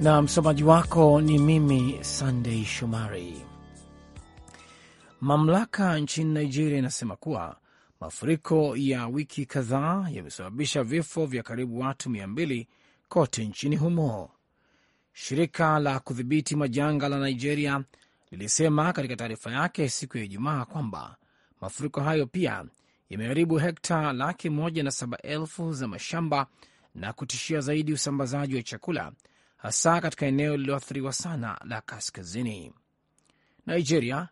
na msomaji wako ni mimi Sandei Shomari. Mamlaka nchini Nigeria inasema kuwa mafuriko ya wiki kadhaa yamesababisha vifo vya karibu watu mia mbili kote nchini humo. Shirika la kudhibiti majanga la Nigeria lilisema katika taarifa yake siku ya Ijumaa kwamba mafuriko hayo pia yameharibu hekta laki moja na saba elfu za mashamba na kutishia zaidi usambazaji wa chakula hasa katika eneo lililoathiriwa sana la kaskazini. Nigeria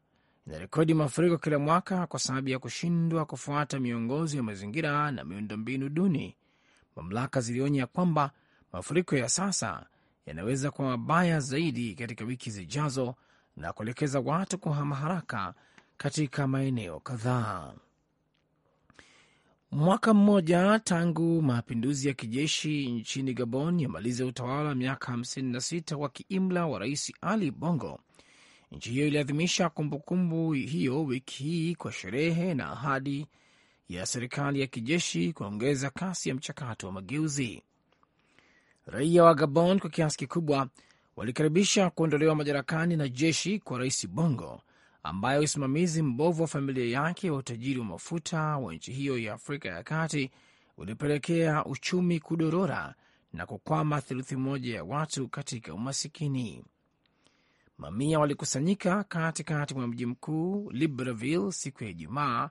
inarekodi mafuriko kila mwaka kwa sababu ya kushindwa kufuata miongozo ya mazingira na miundombinu duni. Mamlaka zilionya kwamba mafuriko ya sasa yanaweza kuwa mabaya zaidi katika wiki zijazo na kuelekeza watu kuhama haraka katika maeneo kadhaa. Mwaka mmoja tangu mapinduzi ya kijeshi nchini Gabon yamaliza utawala wa miaka 56 wa kiimla wa Rais Ali Bongo, nchi hiyo iliadhimisha kumbukumbu hiyo wiki hii kwa sherehe na ahadi ya serikali ya kijeshi kuongeza kasi ya mchakato wa mageuzi. Raia wa Gabon kwa kiasi kikubwa walikaribisha kuondolewa madarakani na jeshi kwa Rais Bongo ambayo usimamizi mbovu wa familia yake wa utajiri wa mafuta wa nchi hiyo ya Afrika ya Kati ulipelekea uchumi kudorora na kukwama theluthi moja ya watu katika umasikini. Mamia walikusanyika katikati mwa mji mkuu Libreville siku ya Ijumaa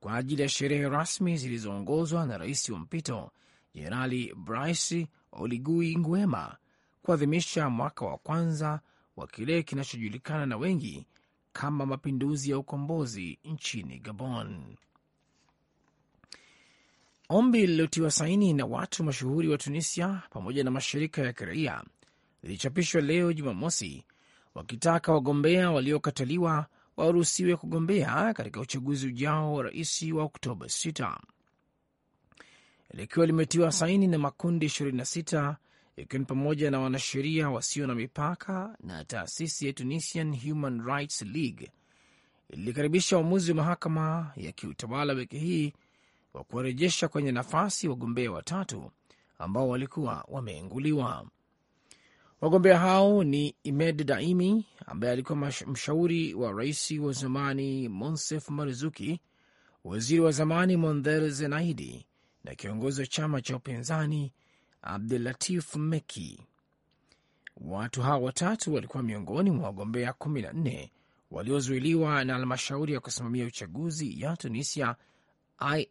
kwa ajili ya sherehe rasmi zilizoongozwa na rais wa mpito Jenerali Brice Oligui Nguema kuadhimisha mwaka wa kwanza wa kile kinachojulikana na wengi kama mapinduzi ya ukombozi nchini Gabon. Ombi lililotiwa saini na watu mashuhuri wa Tunisia pamoja na mashirika ya kiraia lilichapishwa leo Jumamosi, wakitaka wagombea waliokataliwa waruhusiwe kugombea katika uchaguzi ujao wa rais wa Oktoba 6 likiwa limetiwa saini na makundi ikiwa ni pamoja na wanasheria wasio na mipaka na taasisi ya Tunisian Human Rights League ilikaribisha uamuzi wa mahakama ya kiutawala wiki hii wa kuwarejesha kwenye nafasi wagombea watatu ambao walikuwa wameenguliwa. Wagombea hao ni Imed Daimi ambaye alikuwa mshauri wa rais wa zamani Monsef marzuki waziri wa zamani Mondher Zenaidi na kiongozi wa chama cha upinzani Abdulatif Meki. Watu hao watatu walikuwa miongoni mwa wagombea kumi na nne waliozuiliwa na halmashauri ya kusimamia uchaguzi ya Tunisia,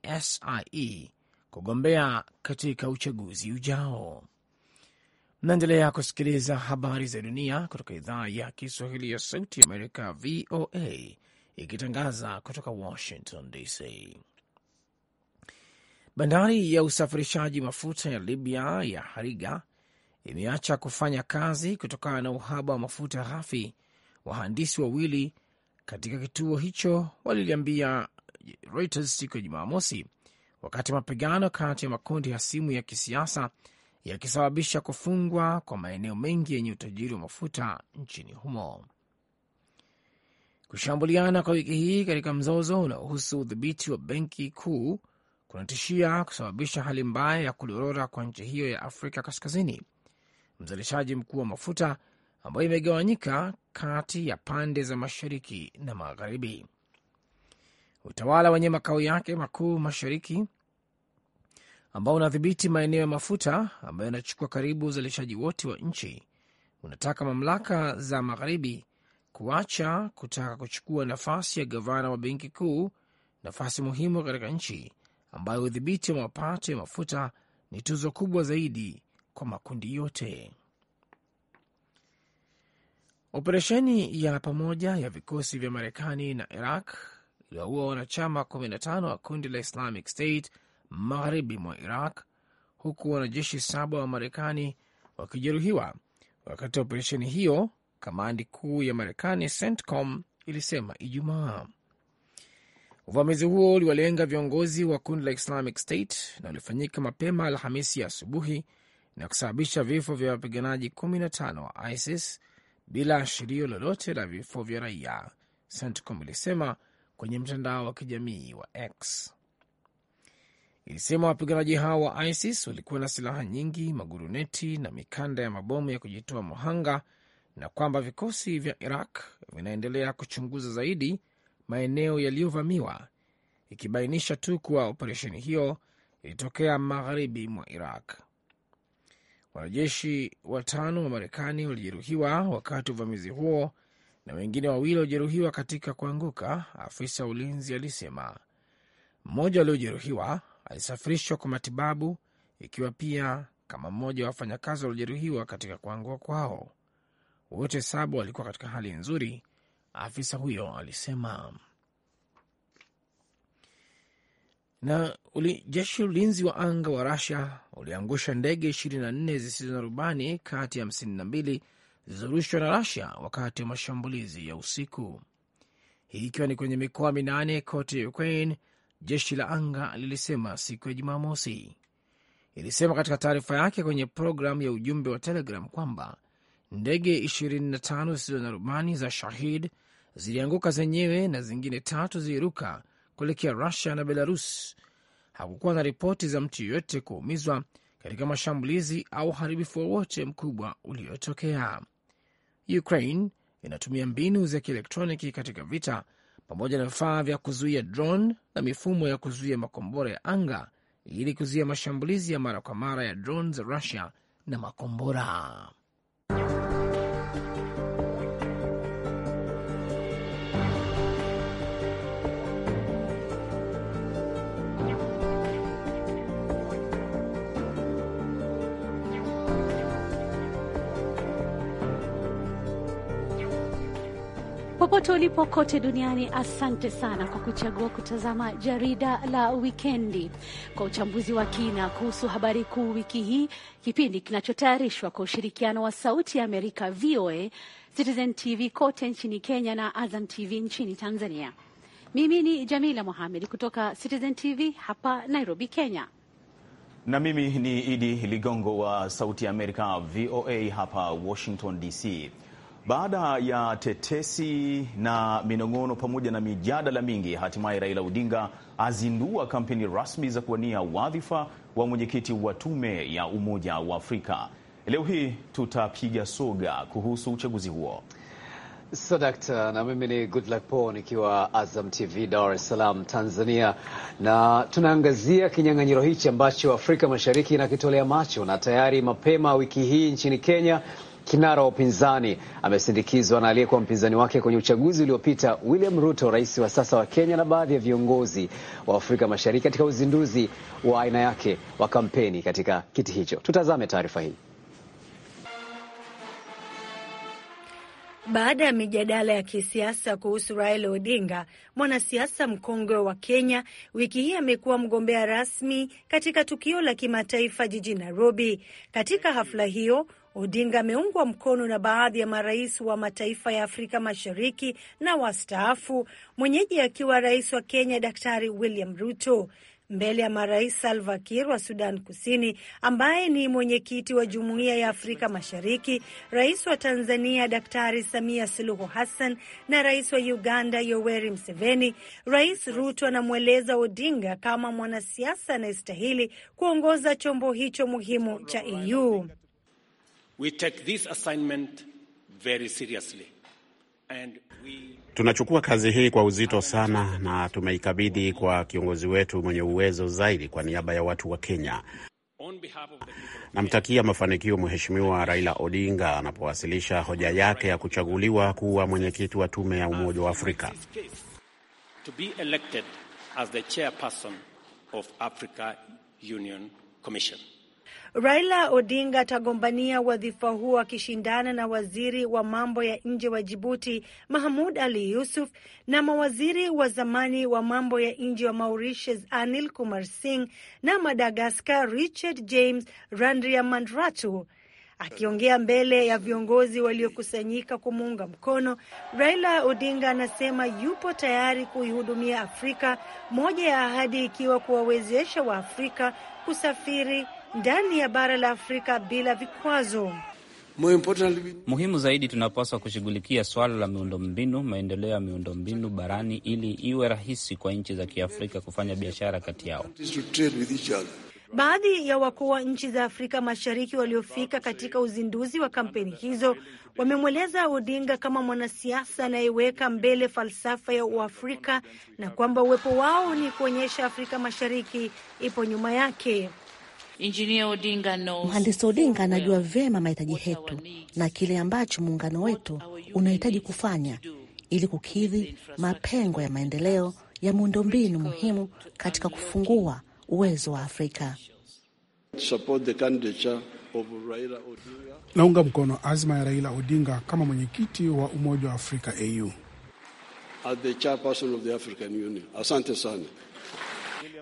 ISIE, kugombea katika uchaguzi ujao. Mnaendelea kusikiliza habari za dunia kutoka idhaa ya Kiswahili ya Sauti ya Amerika, VOA, ikitangaza kutoka Washington DC. Bandari ya usafirishaji mafuta ya Libya ya Hariga imeacha kufanya kazi kutokana na uhaba wa mafuta ghafi. Wahandisi wawili katika kituo hicho waliliambia Reuters siku ya Jumamosi, wakati mapigano kati ya makundi hasimu ya kisiasa yakisababisha kufungwa kwa maeneo mengi yenye utajiri wa mafuta nchini humo. Kushambuliana kwa wiki hii katika mzozo unaohusu udhibiti wa benki kuu kunatishia kusababisha hali mbaya ya kudorora kwa nchi hiyo ya Afrika Kaskazini, mzalishaji mkuu wa mafuta ambayo imegawanyika kati ya pande za mashariki na magharibi. Utawala wenye makao yake makuu mashariki, ambao unadhibiti maeneo ya mafuta ambayo yanachukua karibu uzalishaji wote wa nchi, unataka mamlaka za magharibi kuacha kutaka kuchukua nafasi ya gavana wa benki kuu, nafasi muhimu katika nchi ambayo udhibiti wa mapato ya mafuta ni tuzo kubwa zaidi kwa makundi yote. Operesheni ya pamoja ya vikosi vya Marekani na Iraq iliwaua wanachama 15 wa kundi la Islamic State magharibi mwa Iraq, huku wanajeshi saba wa Marekani wakijeruhiwa wakati wa operesheni hiyo, kamandi kuu ya Marekani CENTCOM ilisema Ijumaa. Uvamizi huo uliwalenga viongozi wa kundi la Islamic State na ulifanyika mapema Alhamisi ya asubuhi na kusababisha vifo vya wapiganaji 15 wa ISIS bila ashirio lolote la vifo vya raia, CENTCOM ilisema kwenye mtandao wa kijamii wa X. Ilisema wapiganaji hao wa ISIS walikuwa na silaha nyingi, maguruneti na mikanda ya mabomu ya kujitoa muhanga, na kwamba vikosi vya Iraq vinaendelea kuchunguza zaidi maeneo yaliyovamiwa, ikibainisha tu kuwa operesheni hiyo ilitokea magharibi mwa Iraq. Wanajeshi watano wa Marekani walijeruhiwa wakati wa uvamizi huo na wengine wawili walijeruhiwa katika kuanguka, afisa wa ulinzi alisema. Mmoja aliojeruhiwa alisafirishwa kwa matibabu, ikiwa pia kama mmoja wa wafanyakazi waliojeruhiwa katika kuanguka kwao. Wote saba walikuwa katika hali nzuri, afisa huyo alisema. Na jeshi ulinzi wa anga wa rasia uliangusha ndege 24 zisizo na rubani kati ya 52 zilizorushwa na rasia wakati wa mashambulizi ya usiku, hii ikiwa ni kwenye mikoa minane kote Ukraine, jeshi la anga lilisema siku ya Jumamosi. Ilisema katika taarifa yake kwenye programu ya ujumbe wa Telegram kwamba Ndege 25 zisizo na rubani za Shahid zilianguka zenyewe na zingine tatu ziliruka kuelekea Rusia na Belarus. Hakukuwa na ripoti za mtu yeyote kuumizwa katika mashambulizi au uharibifu wowote mkubwa uliotokea. Ukraine inatumia mbinu za kielektroniki katika vita pamoja na vifaa vya kuzuia drone na mifumo ya kuzuia makombora ya anga ili kuzuia mashambulizi ya mara kwa mara ya drone za Rusia na makombora. popote ulipo kote duniani, asante sana kwa kuchagua kutazama jarida la wikendi kwa uchambuzi wa kina kuhusu habari kuu wiki hii, kipindi kinachotayarishwa kwa ushirikiano wa Sauti ya Amerika VOA, Citizen TV kote nchini Kenya na Azam TV nchini Tanzania. Mimi ni Jamila Mohamed kutoka Citizen TV hapa Nairobi, Kenya na mimi ni Idi Ligongo wa Sauti ya Amerika VOA hapa Washington DC. Baada ya tetesi na minong'ono pamoja na mijadala mingi, hatimaye Raila Odinga azindua kampeni rasmi za kuwania wadhifa wa mwenyekiti wa tume ya Umoja wa Afrika. Leo hii tutapiga soga kuhusu uchaguzi huo. Sadakta na mimi ni Goodluck po nikiwa Azam TV Dar es Salaam, Tanzania, na tunaangazia kinyang'anyiro hichi ambacho Afrika Mashariki inakitolea macho, na tayari mapema wiki hii nchini Kenya Kinara wa upinzani amesindikizwa na aliyekuwa mpinzani wake kwenye uchaguzi uliopita William Ruto, rais wa sasa wa Kenya, na baadhi ya viongozi wa Afrika Mashariki katika uzinduzi wa aina yake wa kampeni katika kiti hicho. Tutazame taarifa hii. Baada ya mijadala ya kisiasa kuhusu Raila Odinga, mwanasiasa mkongwe wa Kenya, wiki hii amekuwa mgombea rasmi katika tukio la kimataifa jijini Nairobi. Katika hafla hiyo, Odinga ameungwa mkono na baadhi ya marais wa mataifa ya Afrika Mashariki na wastaafu, mwenyeji akiwa rais wa Kenya Daktari William Ruto mbele ya marais Salva Kiir wa Sudan Kusini ambaye ni mwenyekiti wa Jumuiya ya Afrika Mashariki, rais wa Tanzania Daktari Samia Suluhu Hassan na rais wa Uganda Yoweri Museveni. Rais Ruto anamweleza Odinga kama mwanasiasa anayestahili kuongoza chombo hicho muhimu cha EU we... tunachukua kazi hii kwa uzito sana na tumeikabidhi kwa kiongozi wetu mwenye uwezo zaidi kwa niaba ya watu wa Kenya. Namtakia mafanikio Mheshimiwa Raila Odinga anapowasilisha hoja yake ya kuchaguliwa kuwa mwenyekiti wa tume ya Umoja wa Afrika. As the chairperson of Africa Union Commission. Raila Odinga atagombania wadhifa huo akishindana na waziri wa mambo ya nje wa Jibuti mahmud Ali Yusuf na mawaziri wa zamani wa mambo ya nje wa Mauritius Anil Kumar Singh na Madagaskar Richard James Randriamandratu. Akiongea mbele ya viongozi waliokusanyika kumuunga mkono, Raila Odinga anasema yupo tayari kuihudumia Afrika, moja ya ahadi ikiwa kuwawezesha Waafrika kusafiri ndani ya bara la Afrika bila vikwazo. Muhimu zaidi, tunapaswa kushughulikia swala la miundombinu, maendeleo ya miundombinu barani, ili iwe rahisi kwa nchi za Kiafrika kufanya biashara kati yao. Baadhi ya wakuu wa nchi za Afrika Mashariki waliofika katika uzinduzi wa kampeni hizo wamemweleza Odinga kama mwanasiasa anayeweka mbele falsafa ya Uafrika na kwamba uwepo wao ni kuonyesha Afrika Mashariki ipo nyuma yake. Mhandisi Odinga anajua vyema mahitaji yetu na kile ambacho muungano wetu unahitaji kufanya ili kukidhi mapengo ya maendeleo ya miundombinu muhimu katika kufungua uwezo wa Afrika. Naunga mkono azma ya Raila Odinga kama mwenyekiti wa Umoja wa Afrika, AU. Asante sana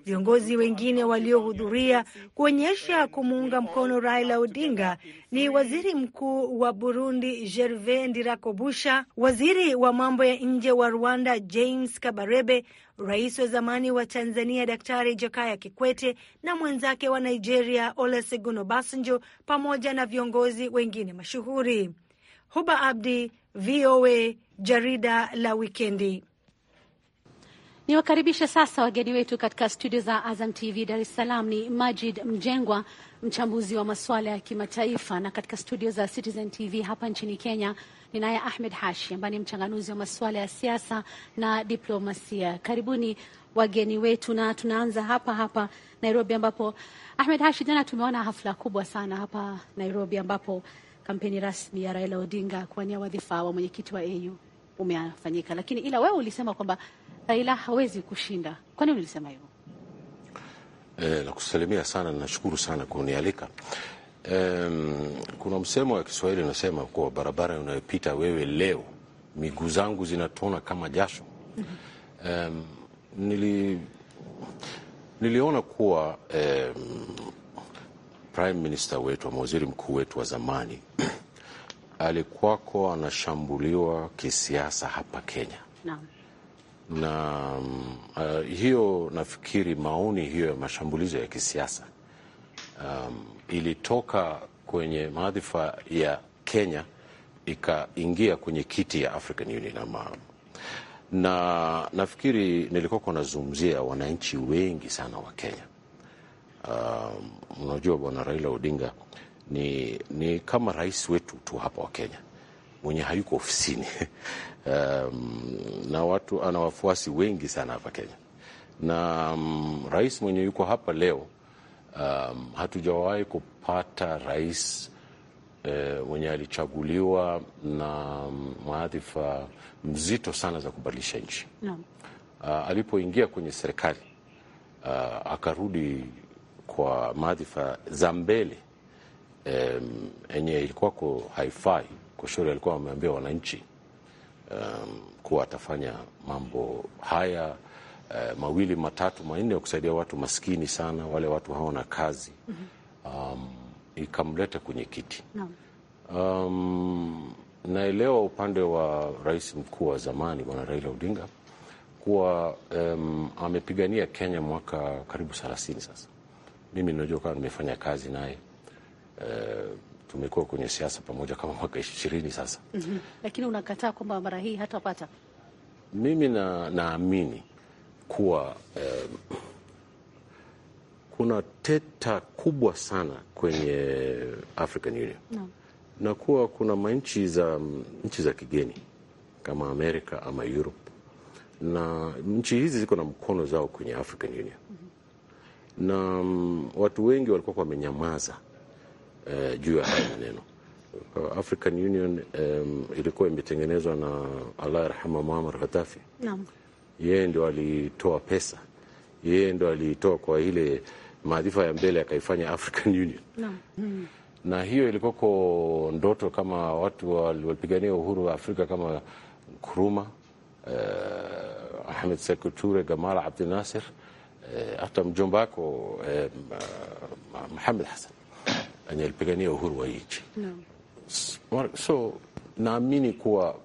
viongozi wengine waliohudhuria kuonyesha kumuunga mkono Raila Odinga ni waziri mkuu wa Burundi Gervais Ndirakobusha, waziri wa mambo ya nje wa Rwanda James Kabarebe, rais wa zamani wa Tanzania Daktari Jakaya Kikwete na mwenzake wa Nigeria Olusegun Obasanjo, pamoja na viongozi wengine mashuhuri. Huba Abdi, VOA, jarida la wikendi. Niwakaribishe sasa wageni wetu katika studio za Azam TV Dar es Salaam. Ni Majid Mjengwa, mchambuzi wa masuala ya kimataifa, na katika studio za Citizen TV hapa nchini Kenya ninaye Ahmed Hashi ambaye ni mchanganuzi wa masuala ya siasa na diplomasia. Karibuni wageni wetu, na tunaanza hapa hapa Nairobi, ambapo Ahmed Hashi, jana tumeona hafla kubwa sana hapa Nairobi, ambapo kampeni rasmi ya Raila Odinga kuwania wadhifa wa mwenyekiti wa AU umefanyika, lakini ila wewe ulisema kwamba Raila hawezi kushinda. Kwa nini ulisema hivyo? E, nakusalimia sana, nashukuru sana kunialika. E, kuna msemo wa Kiswahili unasema kuwa barabara unayopita wewe leo miguu zangu zinatona kama jasho. mm -hmm. nili, niliona kuwa um, prime minister wetu ama waziri mkuu wetu wa zamani alikuwako anashambuliwa kisiasa hapa Kenya. Naam na mm, uh, hiyo nafikiri maoni hiyo ya mashambulizo ya kisiasa um, ilitoka kwenye maadhifa ya Kenya ikaingia kwenye kiti ya African Union ama, na nafikiri nilikuwa nazungumzia wananchi wengi sana wa Kenya. Um, unajua bwana Raila Odinga ni, ni kama rais wetu tu hapa wa Kenya mwenye hayuko ofisini um, na watu ana wafuasi wengi sana hapa Kenya na um, rais mwenye yuko hapa leo um, hatujawahi kupata rais E, mwenye alichaguliwa na um, maadhifa mzito sana za kubadilisha nchi no. Uh, alipoingia kwenye serikali uh, akarudi kwa maadhifa za mbele um, enye ilikuwako haifai Koshori alikuwa ameambia wananchi um, kuwa atafanya mambo haya uh, mawili matatu manne ya kusaidia watu maskini sana, wale watu hawana kazi um, ikamleta kwenye kiti um, naelewa upande wa rais mkuu wa zamani Bwana Raila Odinga kuwa um, amepigania Kenya mwaka karibu 30 sasa. Mimi najua kama nimefanya kazi naye uh, tumekuwa kwenye siasa pamoja kama mwaka ishirini sasa. mm -hmm. Lakini unakataa kwamba mara hii hatapata? Mimi naamini kuwa eh, kuna teta kubwa sana kwenye African Union no. na kuwa kuna manchi za, nchi za kigeni kama Amerika ama Europe na nchi hizi ziko na mkono zao kwenye African Union mhm. mm -hmm. na watu wengi walikuwa wamenyamaza Eh, juu ya haya maneno. African Union um, ilikuwa imetengenezwa na Allah yarhama Muammar Gaddafi. Naam. Yeye ndio alitoa pesa, yeye ndo alitoa kwa ile maadhifa ya mbele akaifanya African Union. Naam. Mm. Na hiyo ilikuwa kwa ndoto kama watu walipigania uhuru wa Afrika kama Nkrumah, eh, Ahmed Sekou Toure, Gamal Abdel Nasser, eh, hata eh, mjomba wako eh, Mohamed Hassan yenye alipigania uhuru wa nchi no. So naamini kuwa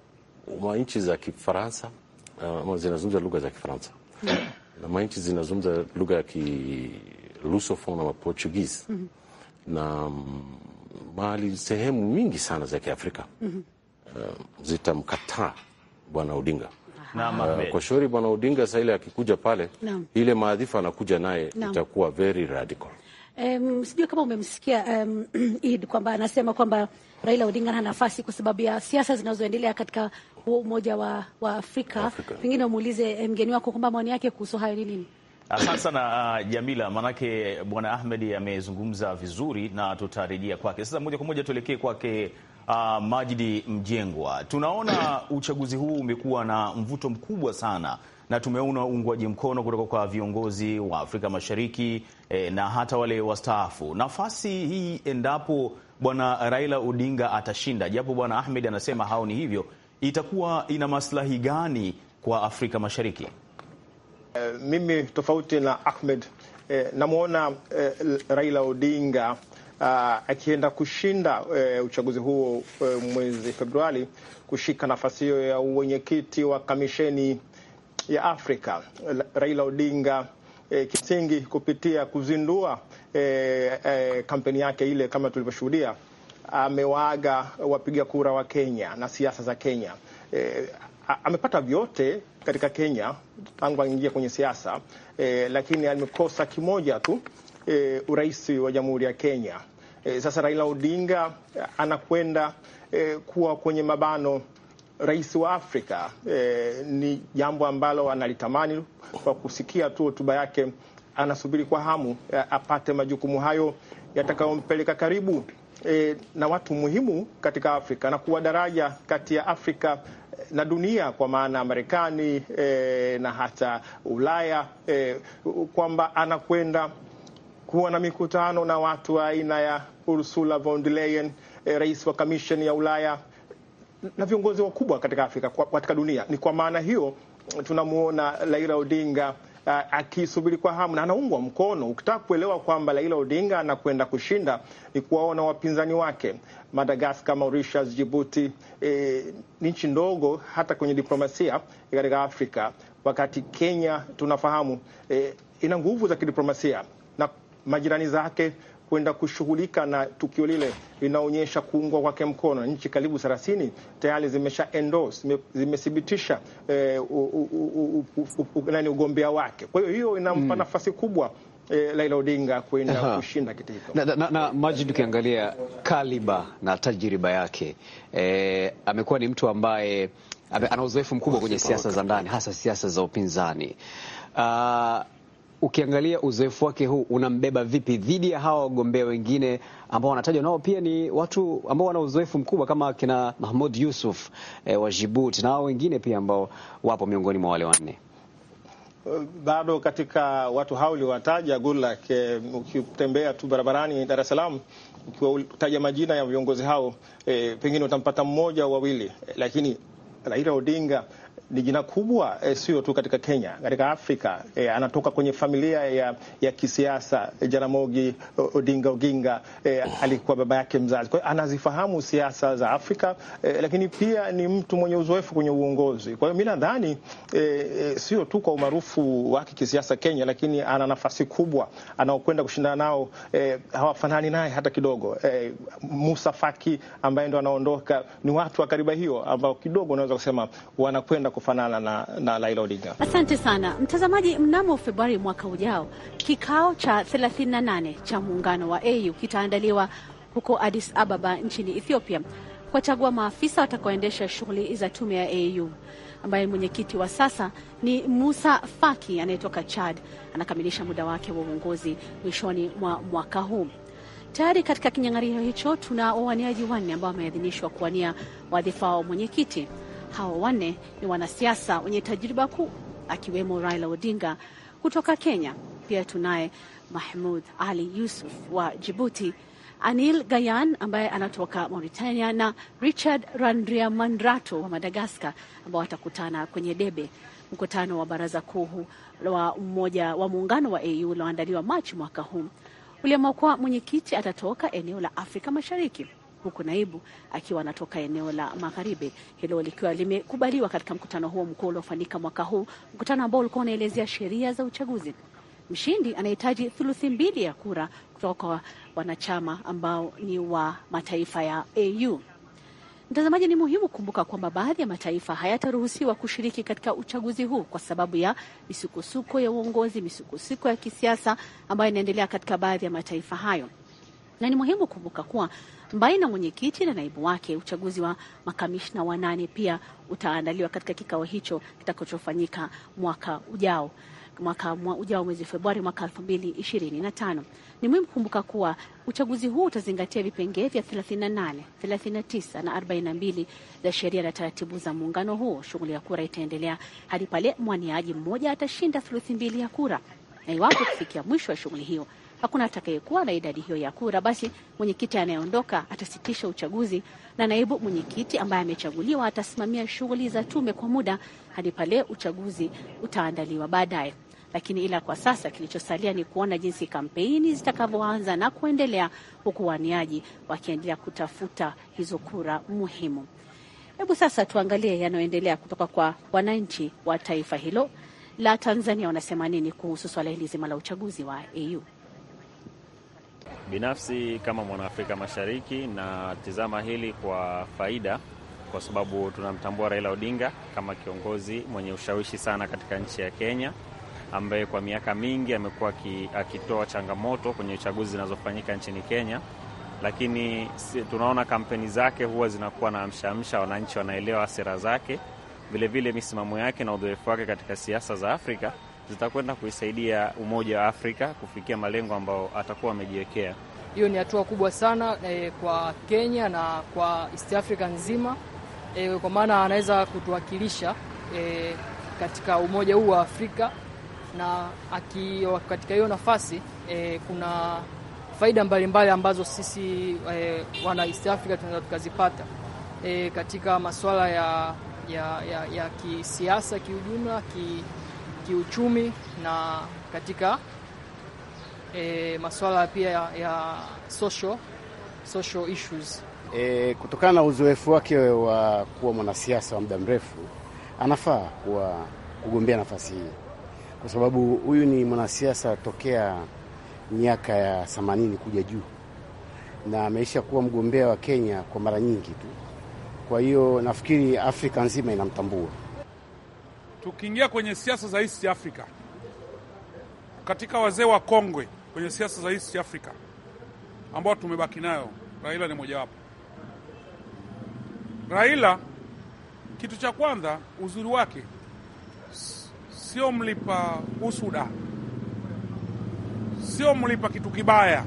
manchi za Kifaransa uh, ama zinazungumza lugha za Kifaransa no. Mm-hmm. na nchi zinazungumza lugha ya Kilusofon ama Portuguese mm-hmm. mm -hmm. na mali sehemu mingi sana za Kiafrika mm -hmm. uh, zitamkataa Bwana Odinga uh, kwa shauri Bwana Odinga saa ile akikuja pale no. ile maadhifa anakuja naye no. itakuwa very radical. Um, sijui kama umemsikia um, kwamba anasema kwamba Raila Odinga hana nafasi kwa sababu ya siasa zinazoendelea katika huo umoja wa, wa Afrika. Pengine umuulize eh, mgeni wako kwamba maoni yake kuhusu hayo ni nini? Asante sana uh, Jamila, manake bwana Ahmed amezungumza vizuri na tutarejea kwake. Sasa moja kwa moja tuelekee kwake uh, Majidi Mjengwa. Tunaona uchaguzi huu umekuwa na mvuto mkubwa sana na tumeona uungwaji mkono kutoka kwa viongozi wa Afrika Mashariki e, na hata wale wastaafu. Nafasi hii endapo bwana Raila Odinga atashinda, japo bwana Ahmed anasema haoni hivyo, itakuwa ina maslahi gani kwa Afrika Mashariki? E, mimi tofauti na Ahmed e, eh, namwona e, Raila Odinga uh, akienda kushinda uh, uchaguzi huo uh, mwezi Februari kushika nafasi hiyo ya uwenyekiti wa kamisheni ya Afrika Raila Odinga E, kimsingi kupitia kuzindua e, e, kampeni yake ile kama tulivyoshuhudia, amewaaga wapiga kura wa Kenya na siasa za Kenya. E, amepata vyote katika Kenya tangu aingia kwenye siasa e, lakini amekosa kimoja tu e, urais wa Jamhuri ya Kenya. E, sasa Raila Odinga anakwenda e, kuwa kwenye mabano rais wa Afrika eh, ni jambo ambalo analitamani kwa kusikia tu hotuba yake. Anasubiri kwa hamu eh, apate majukumu hayo yatakayompeleka karibu eh, na watu muhimu katika Afrika na kuwa daraja kati ya Afrika eh, na dunia kwa maana ya Marekani eh, na hata Ulaya eh, kwamba anakwenda kuwa na mikutano na watu wa aina ya Ursula von der Leyen eh, rais wa kamisheni ya Ulaya na viongozi wakubwa katika Afrika katika dunia. Ni kwa maana hiyo tunamwona Laila Odinga uh, akisubiri kwa hamu na anaungwa mkono. Ukitaka kuelewa kwamba Laila Odinga anakwenda kushinda ni kuwaona wapinzani wake madagascar Mauritius, Jibuti eh, ni nchi ndogo hata kwenye diplomasia katika Afrika, wakati Kenya tunafahamu eh, ina nguvu za kidiplomasia na majirani zake kwenda kushughulika na tukio lile linaonyesha kuungwa kwake mkono. Nchi karibu 30 tayari zimesha endorse, zimethibitisha nani ugombea wake. Kwa hiyo hiyo inampa hmm. nafasi kubwa eh, laila Odinga kwenda kushinda kitu hicho. Na, na, na, Majid, ukiangalia kaliba na tajiriba yake e, amekuwa ni mtu ambaye ana uzoefu mkubwa kwenye siasa za ndani hasa siasa za upinzani uh, ukiangalia uzoefu wake huu unambeba vipi dhidi ya hawa wagombea wengine ambao wanatajwa nao pia ni watu ambao wana uzoefu mkubwa kama kina Mahmoud Yusuf e, wa Djibouti na hao wengine pia ambao wapo miongoni mwa wale wanne? Bado katika watu hao uliowataja Goodluck, eh, ukitembea tu barabarani Dar es Salaam ukiwataja majina ya viongozi hao e, pengine utampata mmoja wawili lakini Raila Odinga ni jina kubwa e, sio tu katika Kenya, katika Afrika e, anatoka kwenye familia ya, ya kisiasa e, eh, Jaramogi Odinga Oginga e, alikuwa baba yake mzazi, kwa hiyo anazifahamu siasa za Afrika e, lakini pia ni mtu mwenye uzoefu kwenye uongozi. Kwa hiyo mi nadhani e, e, sio tu kwa umaarufu wake kisiasa Kenya, lakini ana nafasi kubwa anaokwenda kushindana nao e, hawafanani naye hata kidogo e, Musa Faki ambaye ndo anaondoka ni watu wa kariba hiyo ambao kidogo unaweza kusema wanakwenda kufanana na, na Raila Odinga. Asante sana mtazamaji. Mnamo Februari mwaka ujao kikao cha 38 cha muungano wa AU kitaandaliwa huko Addis Ababa nchini Ethiopia kuwachagua maafisa watakaoendesha shughuli za tume ya AU ambaye mwenyekiti wa sasa ni Musa Faki anayetoka Chad anakamilisha muda wake wa uongozi mwishoni mwa mwaka huu. Tayari katika kinyang'ario hicho tuna wawaniaji wanne ambao wameidhinishwa kuwania wadhifa wa mwenyekiti. Hawa wanne ni wanasiasa wenye tajriba kuu, akiwemo Raila Odinga kutoka Kenya. Pia tunaye Mahmud Ali Yusuf wa Jibuti, Anil Gayan ambaye anatoka Mauritania na Richard randria mandrato wa Madagaskar ambao watakutana kwenye debe. Mkutano wa baraza kuu wa umoja wa muungano wa AU ulioandaliwa Machi mwaka huu uliamua kuwa mwenyekiti atatoka eneo la Afrika Mashariki huku naibu akiwa anatoka eneo la magharibi, hilo likiwa limekubaliwa katika mkutano huo mkuu uliofanyika mwaka huu, mkutano ambao ulikuwa unaelezea sheria za uchaguzi. Mshindi anahitaji thuluthi mbili ya kura kutoka kwa wanachama ambao ni wa mataifa ya AU. Mtazamaji, ni muhimu kukumbuka kwamba baadhi ya mataifa hayataruhusiwa kushiriki katika uchaguzi huu kwa sababu ya misukosuko ya uongozi, misukosuko ya kisiasa ambayo inaendelea katika baadhi ya mataifa hayo, na ni muhimu kukumbuka kuwa Mbali na mwenyekiti na naibu wake, uchaguzi wa makamishna wanane pia utaandaliwa katika kikao hicho kitakachofanyika mwaka ujao mwaka mwa ujao mwezi Februari mwaka 2025. Ni muhimu kukumbuka kuwa uchaguzi huu utazingatia vipengee vya 38, 39 na 42 za sheria na taratibu za muungano huo. Shughuli ya kura itaendelea hadi pale mwaniaji mmoja atashinda thuluthi mbili ya kura, na iwapo kufikia mwisho wa shughuli hiyo hakuna atakayekuwa na idadi hiyo ya kura, basi mwenyekiti anayeondoka atasitisha uchaguzi na naibu mwenyekiti ambaye amechaguliwa atasimamia shughuli za tume kwa muda hadi pale uchaguzi utaandaliwa baadaye. Lakini ila kwa sasa kilichosalia ni kuona jinsi kampeni zitakavyoanza na kuendelea, huku waniaji wakiendelea kutafuta hizo kura muhimu. Hebu sasa tuangalie yanayoendelea kutoka kwa wananchi wa taifa hilo la Tanzania, wanasema nini kuhusu swala hili zima la uchaguzi wa AU. Binafsi kama mwanaafrika Mashariki natizama hili kwa faida, kwa sababu tunamtambua Raila Odinga kama kiongozi mwenye ushawishi sana katika nchi ya Kenya, ambaye kwa miaka mingi amekuwa akitoa changamoto kwenye uchaguzi zinazofanyika nchini Kenya, lakini tunaona kampeni zake huwa zinakuwa na amshaamsha, wananchi wanaelewa sera zake, vilevile misimamo yake na udhoefu wake katika siasa za Afrika zitakwenda kuisaidia Umoja wa Afrika kufikia malengo ambayo atakuwa amejiwekea. Hiyo ni hatua kubwa sana e, kwa Kenya na kwa East Africa nzima e, kwa maana anaweza kutuwakilisha e, katika umoja huu wa Afrika na aki, katika hiyo nafasi e, kuna faida mbalimbali mbali ambazo sisi e, wana East Africa tunaweza tukazipata e, katika masuala ya, ya, ya, ya kisiasa kiujumla ki kiuchumi na katika e, masuala pia ya social, social issues. E, kutokana na uzoefu wake wa kuwa mwanasiasa wa muda mrefu anafaa kuwa kugombea nafasi hii kwa sababu huyu ni mwanasiasa tokea miaka ya themanini kuja juu na ameisha kuwa mgombea wa Kenya kwa mara nyingi tu. Kwa hiyo nafikiri Afrika nzima inamtambua tukiingia kwenye siasa za East Africa, katika wazee wa kongwe kwenye siasa za East Africa ambao tumebaki nayo, Raila ni mojawapo. Raila, kitu cha kwanza, uzuri wake sio mlipa usuda, sio mlipa kitu kibaya.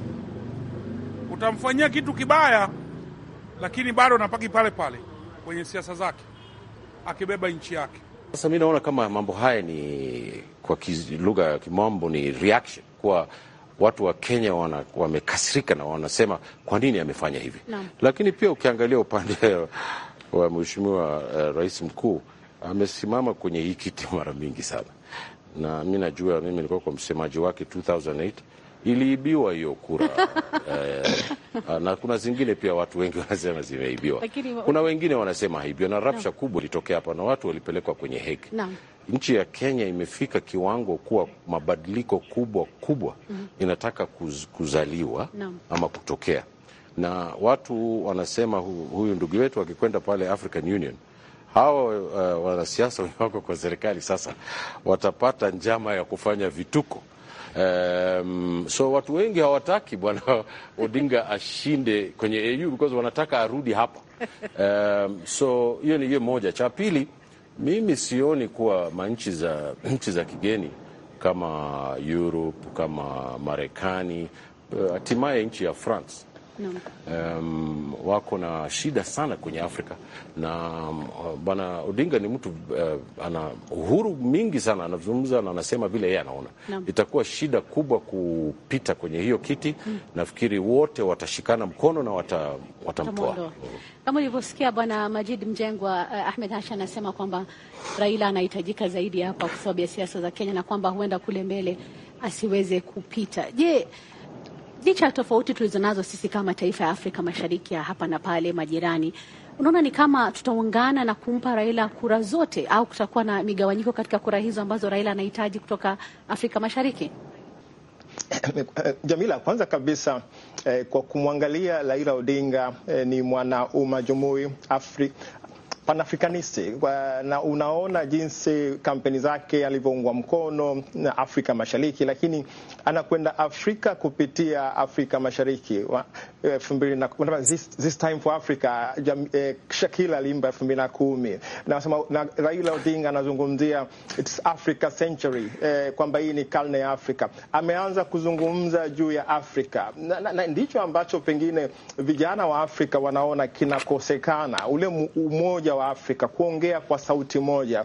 Utamfanyia kitu kibaya, lakini bado anapaki pale pale kwenye siasa zake, akibeba nchi yake. Sasa mi naona kama mambo haya ni kwa lugha ya kimombo ni reaction kwa watu wa Kenya wana, wamekasirika na wanasema kwa nini amefanya hivi no. Lakini pia ukiangalia upande wa mheshimiwa uh, rais mkuu amesimama kwenye hii kiti mara mingi sana, na mi najua mimi nilikuwa kwa msemaji wake 2008 iliibiwa hiyo kura eh, eh, na kuna zingine pia watu wengi wanasema zimeibiwa. Kuna wengine wanasema haibiwa, na rapsha no. kubwa ilitokea hapa na watu walipelekwa kwenye heki no. Nchi ya Kenya imefika kiwango kuwa mabadiliko kubwa kubwa mm -hmm. inataka kuz, kuzaliwa no. ama kutokea, na watu wanasema hu, huyu ndugu wetu akikwenda pale African Union hawa uh, wanasiasa wako kwa serikali sasa watapata njama ya kufanya vituko Um, so watu wengi hawataki bwana Odinga ashinde kwenye AU because wanataka arudi hapa. Um, so hiyo ni hiyo moja. Cha pili, mimi sioni kuwa manchi za nchi za kigeni kama Europe kama Marekani, eh, hatimaye nchi ya France um, wako na shida sana kwenye Afrika na bwana Odinga ni mtu uh, ana uhuru mingi sana, anazungumza na anasema vile yeye anaona. Itakuwa shida kubwa kupita kwenye hiyo kiti hmm. Nafikiri wote watashikana mkono na wata, watamtoa Kama ulivyosikia bwana Majid Mjengwa uh, Ahmed Hasha anasema kwamba Raila anahitajika zaidi hapa kwa sababu ya siasa za Kenya na kwamba huenda kule mbele asiweze kupita. Je, licha ya tofauti tulizonazo sisi kama taifa ya Afrika Mashariki ya hapa na pale majirani, unaona ni kama tutaungana na kumpa Raila kura zote au kutakuwa na migawanyiko katika kura hizo ambazo Raila anahitaji kutoka Afrika Mashariki? Eh, Jamila, kwanza kabisa eh, kwa kumwangalia Raila Odinga eh, ni mwana umajumui Afri, panafrikanisti na unaona jinsi kampeni zake alivyoungwa mkono na Afrika Mashariki, lakini anakwenda Afrika kupitia Afrika Mashariki wa, elfu mbili na, this, this time for Africa jam, eh, Shakila aliimba elfu mbili na kumi nasema na, Raila Odinga anazungumzia it's Africa century eh, kwamba hii ni karne ya Afrika. Ameanza kuzungumza juu ya Afrika na, na, na ndicho ambacho pengine vijana wa Afrika wanaona kinakosekana ule umoja wa Afrika kuongea kwa sauti moja.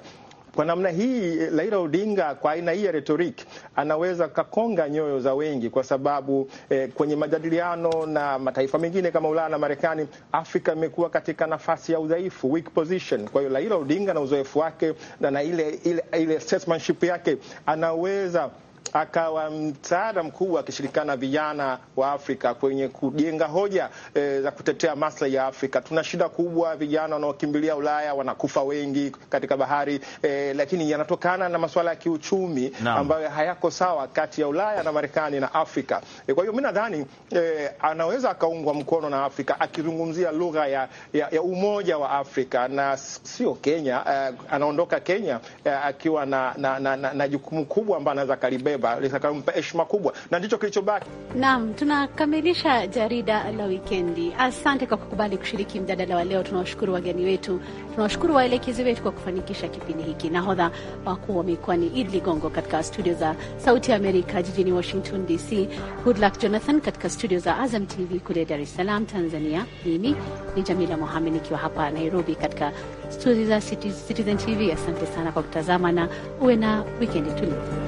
Kwa namna hii Raila Odinga kwa aina hii ya rhetoric anaweza kakonga nyoyo za wengi, kwa sababu eh, kwenye majadiliano na mataifa mengine kama Ulaya na Marekani, Afrika imekuwa katika nafasi ya udhaifu, weak position. Kwa hiyo Raila Odinga na uzoefu wake na, na ile, ile, ile statesmanship yake anaweza akawa msaada mkubwa akishirikana vijana wa Afrika kwenye kujenga hoja e, za kutetea maslahi ya Afrika. Tuna shida kubwa, vijana wanaokimbilia Ulaya wanakufa wengi katika bahari e, lakini yanatokana na masuala ya kiuchumi ambayo hayako sawa kati ya Ulaya na Marekani na Afrika e, kwa hiyo mi nadhani e, anaweza akaungwa mkono na Afrika akizungumzia lugha ya, ya, ya umoja wa Afrika na sio Kenya. Uh, anaondoka Kenya uh, akiwa na, na, na, na, na jukumu kubwa ambayo anaweza karibia Uweba litakampa heshima kubwa, na ndicho kilichobaki. Naam, tunakamilisha jarida la wikendi. Asante kwa kukubali kushiriki mjadala wa leo. Tunawashukuru wageni wetu, tunawashukuru waelekezi wetu kwa kufanikisha kipindi hiki. Nahodha wakuu wamekuwa ni Idli Ligongo katika studio za Sauti ya Amerika jijini Washington DC, Goodluck Jonathan katika studio za Azam TV kule Dar es Salaam Tanzania. Mimi ni Jamila Mohamed nikiwa hapa Nairobi katika studio za Citizen TV. Asante sana kwa kutazama na uwe na wikendi tulivu.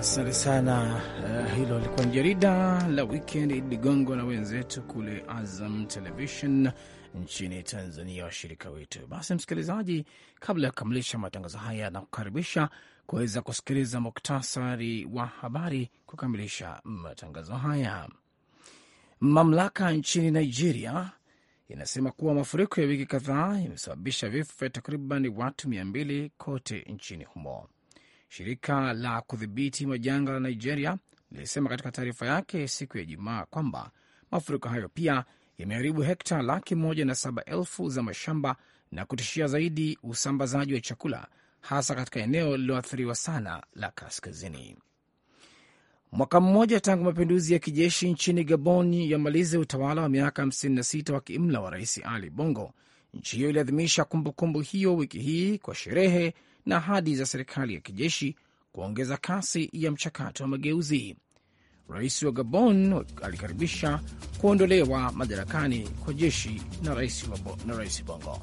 Asante sana. Uh, hilo likuwa ni jarida la wikend. Idi Ligongo na wenzetu kule Azam Television nchini Tanzania, washirika wetu. Basi msikilizaji, kabla ya kukamilisha matangazo haya na kukaribisha kuweza kusikiliza muktasari wa habari kukamilisha matangazo haya. Mamlaka nchini Nigeria inasema kuwa mafuriko ya wiki kadhaa yamesababisha vifo vya takriban watu mia mbili kote nchini humo. Shirika la kudhibiti majanga la Nigeria lilisema katika taarifa yake siku ya Ijumaa kwamba mafuriko hayo pia yameharibu hekta laki moja na saba elfu za mashamba na kutishia zaidi usambazaji wa chakula hasa katika eneo lililoathiriwa sana la kaskazini. Mwaka mmoja tangu mapinduzi ya kijeshi nchini Gabon yamalize utawala wa miaka 56 wa kiimla wa Rais Ali Bongo, nchi hiyo iliadhimisha kumbukumbu hiyo wiki hii kwa sherehe na ahadi za serikali ya kijeshi kuongeza kasi ya mchakato wa mageuzi. Rais wa Gabon alikaribisha kuondolewa madarakani kwa jeshi na rais Bongo.